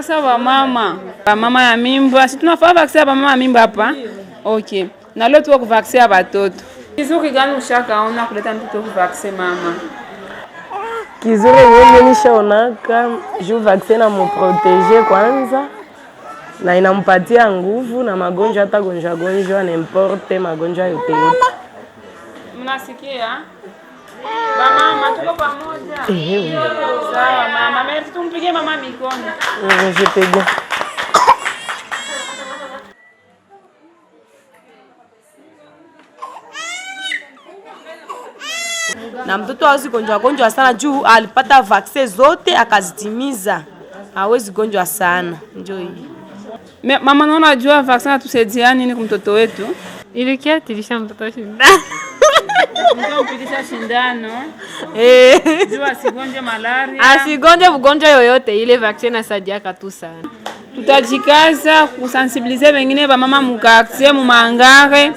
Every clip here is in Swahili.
Sasa wamama wamama ya mimba, si tunafaa vaksia wamama ya mimba hapa? Okay, na leo tuko kuvaksia watoto. Kizuri gani ushakaona kuleta mtoto kuvaksia mama? Kizuri yeye nishaonaka juu vaksin na muprotege kwanza, na inampatia nguvu na magonjwa, hata gonjwa gonjwa nimporte magonjwa yote yote. Mnasikia? Mama Tumpigie Na mtoto hawezi gonjwa gonjwa sana juu alipata vaccine zote akazitimiza, hawezi gonjwa sana. Njoo hii mama, naona jua vaccine atusaidia nini kumtoto wetu? Ilikia tilisha mtoto shindani upitisha shindano eh. juu asigonje malaria, yoyote ile. Vaccine asadiaka tu sana. Tutajikaza kusensibilize wengine vamama mukartie mumangare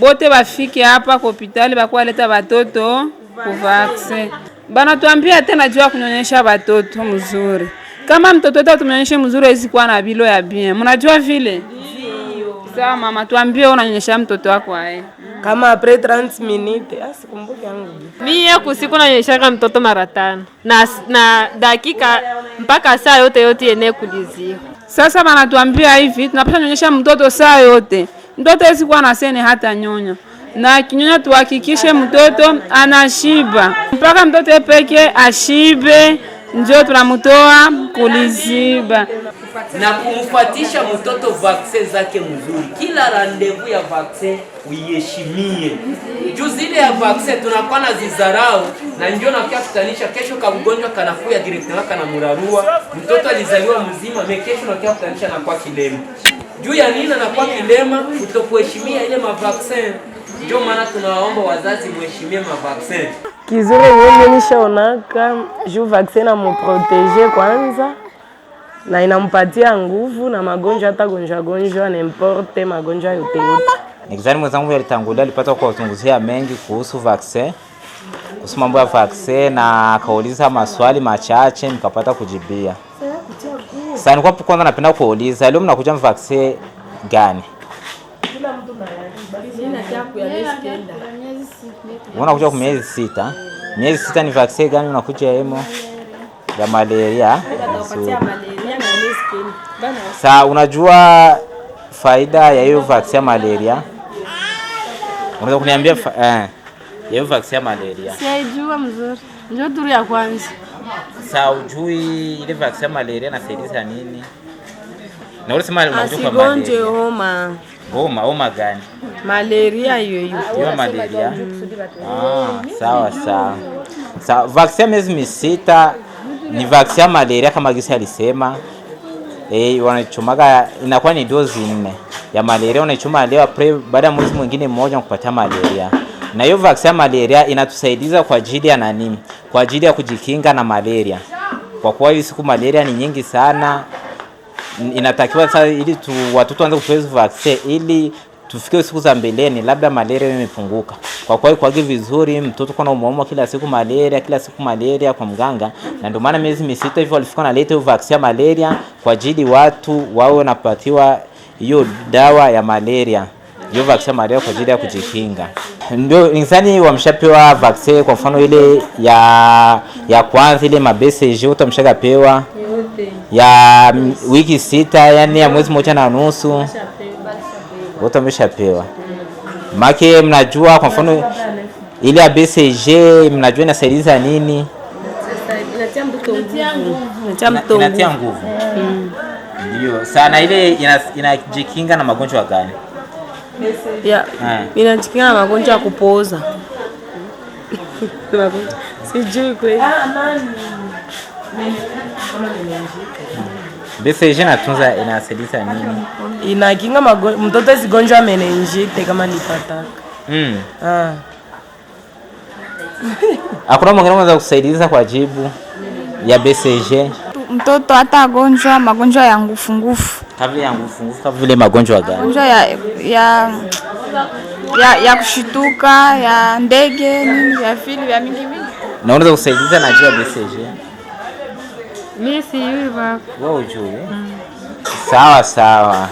bote bafike hapa kwa hospitali bakuwaleta watoto kuvaksine. Banatuambia tena juu ya kunyonyesha batoto mzuri. Kama mtoto wetu tumnyonyeshe mzuri, hawezi na bilo ya bien. Mnajua vile Sawa mama, tuambie unanyonyesha mtoto wako aye. Kama apres 30 asikumbuke ah, yangu. Mimi kusiku nanyonyesha mtoto mara tano. Na na dakika mpaka saa yote yote yenye kulizia. Sasa mama, tuambie hivi, tunapaswa nyonyesha mtoto saa yote. Mtoto hawezi kuwa na sene hata nyonya. Na kinyonya tuhakikishe mtoto anashiba. Mpaka mtoto peke ashibe, njoo tunamtoa kuliziba na kumfuatisha mtoto vaksin zake mzuri. Kila randevu ya vaksin uiheshimie, juu zile ya vaksin tunakuwa na zizarau, na ndio nakia kutanisha kesho kaugonjwa kanakuya kana kanamurarua mtoto alizaliwa mzima, mekesho nakia kutanisha nakuwa kilema juu ya nini anakuwa kilema? Kutokuheshimia ile mavaksin. Ndio maana tunawaomba wazazi muheshimie mavaksin. Kizuri mwenye nishaonaka juu vaksin amuproteje kwanza na inampatia nguvu na magonjwa, hata gonjwa gonjwa nemporte magonjwa yote yote. Nikizani mwenzangu alitangulia, alipata kuwazunguzia mengi kuhusu vaccine, kuhusu mambo ya vaccine na akauliza maswali machache nikapata kujibia. Sasa nilikuwa kwanza napenda kuuliza leo mnakuja mvaccine gani? Kila mtu na Unakuja kwa miezi sita. Miezi sita ni vaccine gani unakuja hemo? Ya malaria. Sa, unajua faida ya hiyo vaccine ya malaria? Unaweza kuniambia fa... eh, ya hiyo vaccine ya malaria? Sijua mzuri. Ndio duru ya kwanza. Sa, ujui ile vaccine ya malaria nasaidia nini? Na wewe sema unajua kwa malaria. Asigonje homa. Homa, homa gani? Malaria hiyo hiyo. Hiyo malaria. Ah, sawa sawa. Sa, vaccine ya miezi misita ni vaccine ya malaria kama gisa alisema e, eh, wanachumaga inakuwa ni dozi nne ya malaria, unachuma leo pre baada ya mwezi mwingine mmoja kupatia malaria. Na hiyo vaccine ya malaria inatusaidiza kwa ajili ya nani? Kwa ajili ya kujikinga na malaria, kwa kuwa hii siku malaria ni nyingi sana inatakiwa sasa ili tu, watoto waanze kupewa hizo vaccine ili tufike siku za mbeleni, labda malaria imepunguka. Kwa kwa kwa hiyo vizuri, mtoto kwa umuamua kila siku malaria, kila siku malaria kwa mganga, na ndio maana miezi misita hivyo walifika na leta vaksi ya malaria kwa ajili watu wao wanapatiwa hiyo dawa ya malaria hiyo vaksi ya malaria kwa ajili ya kujikinga. Ndio insani wamshapewa vaksi, kwa mfano ile ya ya kwanza ile mabese mabesej utamshakapewa ya mm, wiki sita, yani ya mwezi mmoja na nusu wote wameshapewa. Make mnajua kwa mfano ile ya BCG mnajua inasaidiza nini? Inatia nguvu. Hmm. Ndio. Sana ile inajikinga na magonjwa gani? Yeah. Inajikinga na magonjwa ya kupooza. Sijui kweli. Ah, Bese je natunza inasaidia nini? Inakinga mago mtoto asigonjwa meningite kama nipataka. Mm. Ah. Hakuna mwingine anaweza kusaidiza kwa jibu ya BCG. Mtoto hata agonjwa magonjwa ya ngufu ngufu. Kabla ya ngufu ngufu, kama vile magonjwa gani? Magonjwa ya ya ya, ya kushituka ya ndege nini ya fili ya mingi mingi. Na unaweza kusaidiza na jibu ya BCG. Mimi sijui baba. Wewe hujui? Mm. Sawa sawa.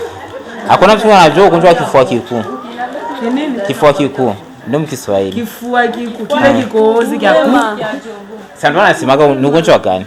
Hakuna mtu anajua ugonjwa wa kifua kikuu. Ni nini? Kifua kikuu. Ndio mkiswahili. Kifua kikuu, kile mm. kikohozi kikuu. Sasa ndio anasemaga ni ugonjwa gani?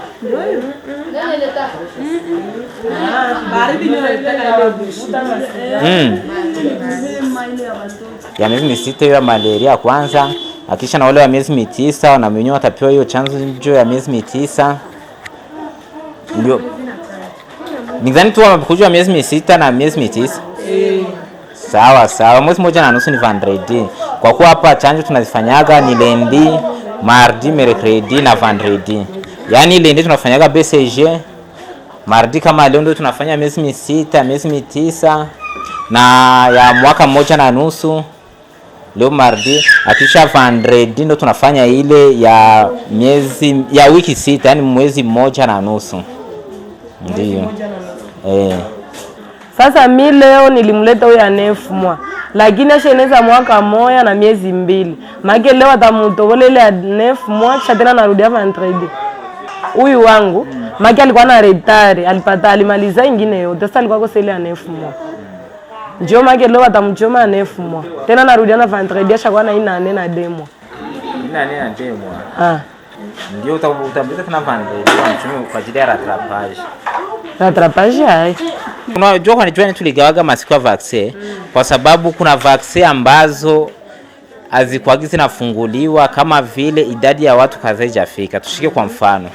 Hmm. ya miezi misita hiyo ya malaria kwanza, akisha na wale wa miezi mitisa na mwenyewe watapewa hiyo chanjo ya miezi mitisa ndio nidhani tu wamekuja miezi misita na miezi mitisa. Sawa sawa, mwezi moja na nusu ni vendredi, kwa kuwa hapa chanjo tunazifanyaga ni lendi, mardi, mercredi na vendredi yani ile ndio tunafanyaga BCG mardi kama leo ndio tunafanya miezi misita, miezi mitisa na ya mwaka mmoja na nusu. Leo mardi, akisha vendredi ndio tunafanya ile ya miezi ya wiki sita, yani mwezi mmoja na nusu. Ndio. Eh. Sasa mi leo nilimleta huyo anefu mwa lakini asheneza mwaka moya na miezi mbili, maana leo atamutobola ile anefu mwa shatena narudia vendredi huyu wangu maki alikuwa na retari, alipata alimaliza ingine yote, sasa alikuwa kosele ile anefumwa njio make leo watamchoma anefumwa tena, narudia na vantredi ashakuwa na ina nne na demwa ina nne na demwa ah, ndio utamaliza tena vantredi kwa ajili ya rattrapage rattrapage. Hai, unajua kwa nini tuligawaga masiku ya vaccine? Kwa sababu kuna vaccine ambazo azikwagi zinafunguliwa kama vile idadi ya watu kadhaa ijafika. Tushike kwa mfano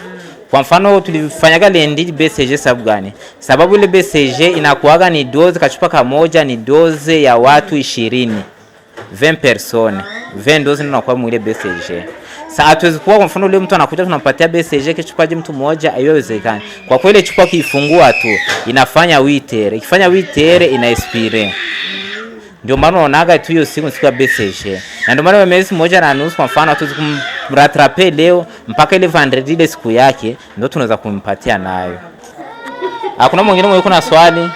kwa mfano tulifanyaga lendi BCG sababu gani? Sababu ile BCG inakuwaga ni doze, kachupa kamoja ni doze ya watu ishirini 20 persone 20 doze ndio nakuwa mwile BCG. Sasa hatuwezi kuwa kwa mfano ule mtu anakuja tunampatia BCG kichupa je mtu mmoja, haiwezekani. Kwa kweli chupa kiifungua tu inafanya witere, ikifanya witere ina expire. Ndio maana unaonaga tu hiyo siku siku ya BCG. Na ndio maana mwezi mmoja na nusu kwa mfano hatuwezi kum mratrape leo mpaka ile vendredi ile siku yake, ndio tunaweza kumpatia nayo. Hakuna ah, mwingine mwenye kuna swali?